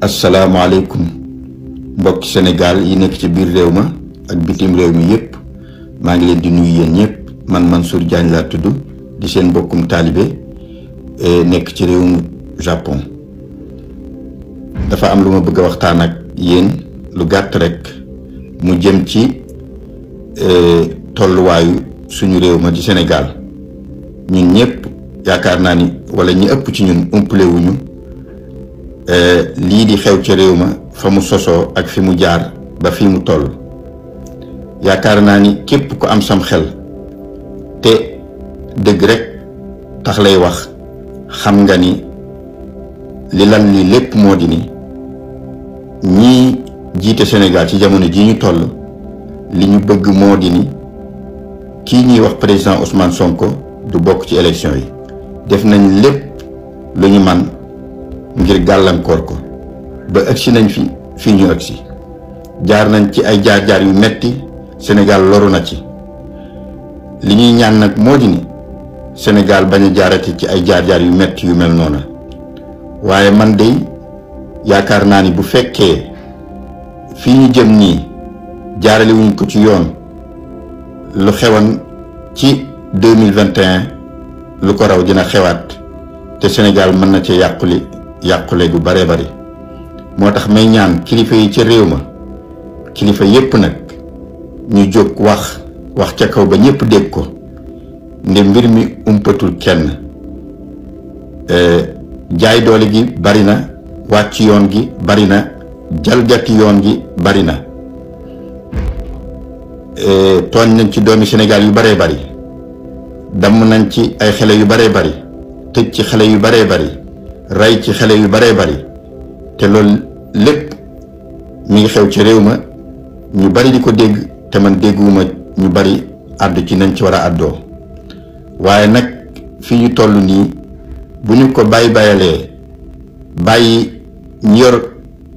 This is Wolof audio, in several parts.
asalaamaaleykum mbokk Sénégal yi nekk ci biir réew ma ak bitim réew mi yépp maa ngi leen di nuyu yéen ñëpp man man Diagne laa tudd di seen mbokkum taalibe eh, nekk ci réewum Japon dafa am lu ma bëgg a waxtaan ak yéen lu gàtt rek mu jëm ci eh, tolluwaayu suñu réew ma di Sénégal ñun ñëpp yaakaar naa ni wala ñi ëpp ci ñun umpalewuñu Euh, lii di xew ca réew ma fa mu sosoo ak fi mu jaar ba fi mu toll yaakaar naa ni képp ku am sam xel te dëgg rek tax lay wax xam nga ni li lan li lépp moo di ni ñii jiite senegal ci jamono ji ñu toll li ñu bëgg moo di ni kii ñuy wax président Ousmane Sonko du bokk ci élection yi def nañ lépp lu ñu man ngir gàllankoor ko ba agsi nañ fi fii ñu agsi jaar nañ ci ay jaar-jaar yu metti senegal loru na ci li ñuy ñaan nag moo di ni Sénégal bañ jaarati ci ay jaar-jaar yu metti yu mel noona waaye man dey yaakaar naa ni bu fekkee fii ñu jëm nii jaarale ko ci yoon lu xewoon ci 2021 lu ko raw dina xewaat te Sénégal mën na ci yàquli yàqule gu bare bari moo tax may ñaan kilifa yi ca réew ma kilifa yépp nag ñu jóg wax wax ca kaw ba ñépp dégg ko nde mbir mi umpatul kenn e, jaay doole gi bari na wàcc yoon gi bari na jalgati yoon gi bari na e, tooñ nañ ci doomi Sénégal yu baree bari damm nañ ci ay xale yu baree bari tëj ci xale yu baree bari rey ci xale yu baree bari te loolu lépp mi ngi xew ci réew ma ñu bari di ko dégg te man dégguwuma ñu bari àddu ci nañ ci war a àddoo waaye nag fii ñu toll nii bu ñu ko bàyyi bàyyalee bàyyi ñu yor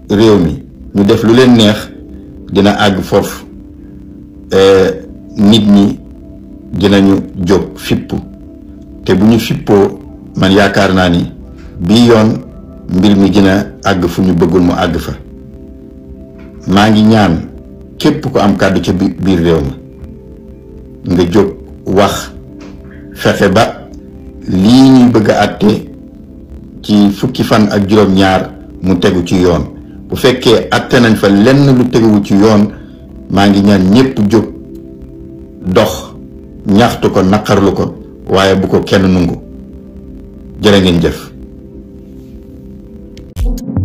réew mi ñu def lu leen neex dina àgg foofu euh, nit ñi dinañu jóg fipp te bu ñu fippoo man yaakaar naa ni bii yoon mbir mi dina àgg fu ñu bëggul mu àgg fa maa ngi ñaan képp ku am kàddu ca biir réew mi nga jóg wax fexe ba lii ñuy bëgg a àtte ci fukki fan ak juróom-ñaar mu tegu ci yoon bu fekkee àtte nañ fa lenn lu teguwu ci yoon maa ngi ñaan ñépp jóg dox ñaxtu ko naqarlu ko waaye bu ko kenn nungu jërë ngeen jëf Thank you.